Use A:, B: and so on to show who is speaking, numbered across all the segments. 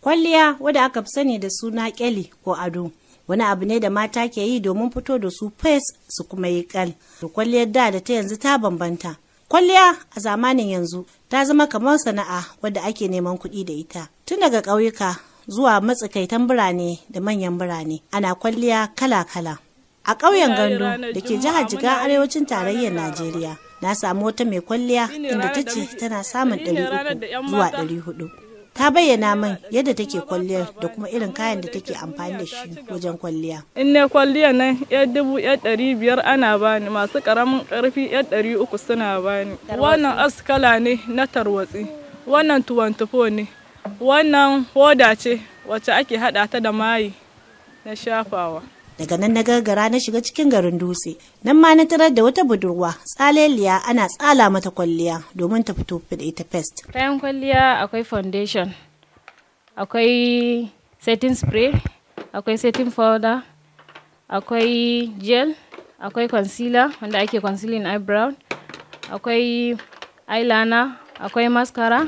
A: Kwalliya wadda aka fi sani da suna kyali ko ado. Wani abu ne da mata ke yi domin fito da su fes su kuma yi kal. Kwalliyar da da ta yanzu ta bambanta. Kwalliya a zamanin yanzu ta zama kamar sana'a wadda ake neman kuɗi da ita. Tun daga ƙauyuka zuwa matsakaitan birane da manyan birane ana kwalliya kala-kala. A ƙauyen Gandu da ke jihar Jiga arewacin tarayyar Najeriya. na samu wata mai kwalliya inda ta ce tana samun 300 zuwa 400 ta bayyana min yadda take kwalliyar da kuma irin kayan da take amfani da shi wajen kwalliya.
B: In ne kwalliya na yar dubu ɗari biyar ana bani masu ƙaramin ƙarfi yar ɗari uku suna bani. Wannan askala ne na tarwatsi, wannan tuwantufo ne, wannan hoda ce wacce ake haɗa ta da mayi na shafawa.
A: daga nan na gargara na shiga cikin garin dutse nan ma na tarar da wata budurwa tsaleliya ana tsala mata kwalliya domin ta fito da ita pest
C: bayan kwalliya akwai foundation akwai setting spray akwai setting powder akwai gel akwai concealer wanda ake concealing eyebrow akwai eyeliner akwai mascara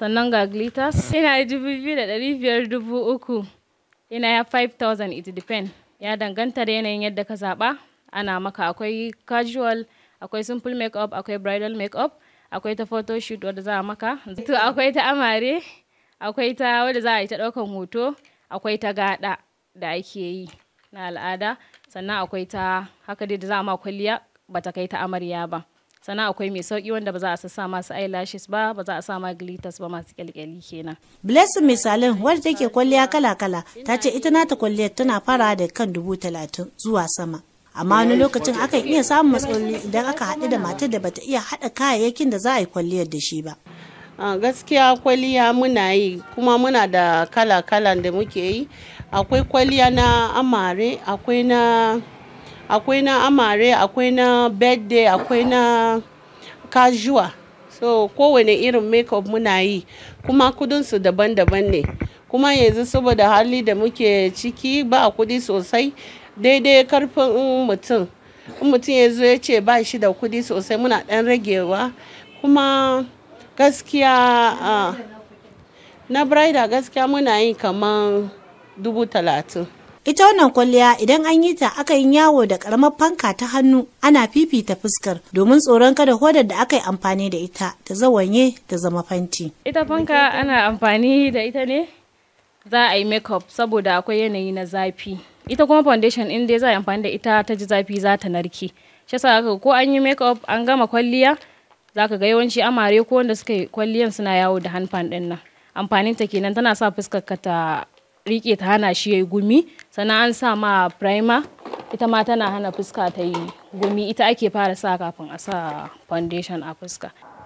C: sannan ga glitters ina dubu biyu da dari biyar dubu uku ina ya 5000 it depend ya danganta da yanayin yadda ka zaɓa ana maka akwai casual akwai simple makeup akwai bridal makeup akwai ta photo shoot wadda za a maka to akwai ta amare akwai ta wadda za a yi ta ɗaukan hoto akwai ta gada da ake yi na al'ada sannan akwai ta haka dai da za a ma kwalliya bata kai ta amarya ba sannan akwai mai sauki wanda ba za a sassa masu eyelashes ba ba za a sa glitters ba masu kyalkyali kenan
A: blessing misalin wadda take kwalliya kala-kala ta ce ita nata kwalliyar tana fara da kan dubu talatin zuwa sama amma wani lokacin aka iya samun matsaloli idan aka haɗu da matar da bata iya haɗa kayayyakin da za a yi kwalliyar da shi ba gaskiya kwalliya muna yi kuma muna
D: da kala kala da muke yi akwai kwalliya na amare akwai na akwai na amare akwai na birthday akwai na casual so kowane irin makeup muna yi kuma kudinsu daban-daban ne kuma yanzu saboda hali da muke ciki ba kudi sosai daidai karfin mutum in mutum ya zo ya ce ba shi da kudi sosai muna dan ragewa kuma gaskiya ah, na brida gaskiya muna yi kamar dubu talatin
A: ita wannan kwalliya idan an yi ta aka yi yawo da karamar fanka ta hannu ana fifita fuskar domin tsoron kada hodar da aka yi amfani da ita ta zawanye ta zama fanti
C: ita fanka ana amfani da ita ne za a yi makeup saboda akwai yanayi na zafi ita kuma foundation in dai za a yi amfani da ita ta ji zafi za ta narke shi yasa ko an yi makeup an gama kwalliya za ka ga yawanci amare ko wanda suka yi kwalliyan suna yawo da hanfan din nan amfanin ta kenan tana sa fuskar ka ta rike ta hana shi yayi gumi sannan an sa ma primer ita ma tana hana fuska ta yi gumi ita ake fara sa kafin a sa foundation a fuska